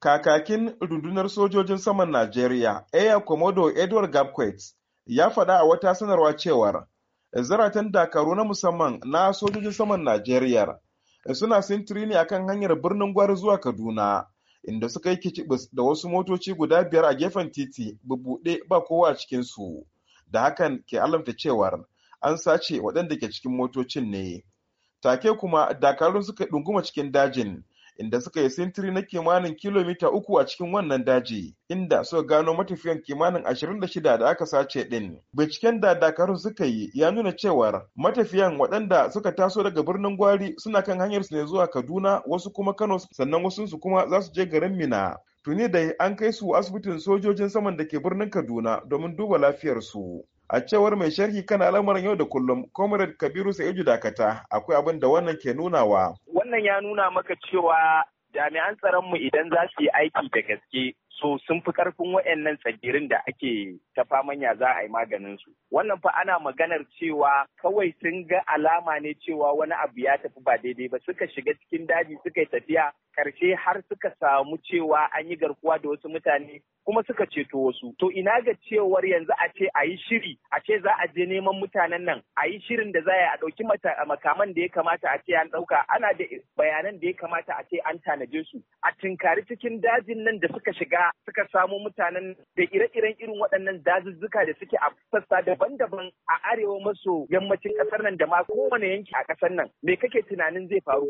Kakakin rundunar sojojin saman Najeriya, Air Komodo Edward Gabquet, ya faɗa a wata sanarwa cewar zaratan dakaru na musamman na sojojin saman Najeriya suna sintiri ne akan hanyar birnin gwari zuwa Kaduna, inda suka yi kicibis da wasu motoci guda biyar a gefen titi bubuɗe ba kowa cikin cikinsu, da hakan ke alamta cewar an sace waɗanda ke cikin motocin ne. Take kuma dakarun suka ɗunguma cikin dajin inda suka yi sintiri na kimanin kilomita uku a cikin wannan daji inda suka gano matafiyan kimanin ashirin da shida da aka sace din. Binciken da Dakaru suka yi ya nuna cewar matafiyan waɗanda suka taso daga birnin Gwari suna kan hanyar su ne zuwa Kaduna wasu kuma Kano sannan wasu su kuma za su je garin Mina. Tuni da an kai su asibitin sojojin saman da ke birnin Kaduna domin duba lafiyarsu. a cewar mai sharhi kan al'amuran yau da kullum comrade kabiru sa'idu dakata akwai abin da wannan ke nunawa wannan ya nuna maka cewa jami'an tsaronmu idan za su yi aiki da gaske so sun fi karfin waɗannan tsagirin da ake ta faman za a yi maganin su wannan fa ana maganar cewa kawai sun ga alama ne cewa wani abu ya tafi ba daidai ba suka shiga cikin daji suka yi tafiya karshe har suka samu cewa an yi garkuwa da wasu mutane kuma suka ceto wasu to ina ga cewar yanzu a ce a yi shiri a ce za a je neman mutanen nan a yi shirin da za a ɗauki makaman da ya kamata a ce an ɗauka ana da bayanan da ya kamata a ce an tanaje su a tinkari cikin dajin nan da suka shiga suka samu mutanen da ire-iren irin waɗannan dazuzzuka da suke a sassa daban-daban a arewa maso yammacin ƙasar nan da ma kowane yanki a ƙasar nan me kake tunanin zai faru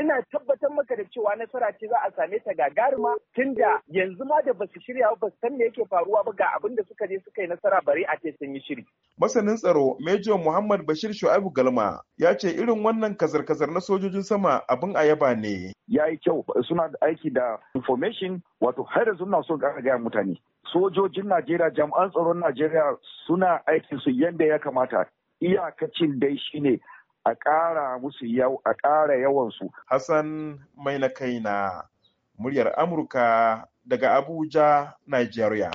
ina tabbatar maka da cewa nasara ce za a same ta gagaruma tunda yanzu ma da ba su shirya ba san me yake faruwa ba ga abin da suka je suka yi nasara bare a ce sun yi shiri. Masanin tsaro Major Muhammad Bashir Shu'aibu Galma ya ce irin wannan kazar-kazar na sojojin sama abin a yaba ne. Ya yi kyau suna aiki da information wato har yanzu ina so ga gaya mutane sojojin najeriya jami'an tsaron najeriya suna aikin su yadda ya kamata iyakacin dai shine a ƙara musu yau a ƙara yawansu. hassan mai na kai na muryar amurka daga abuja Najeriya.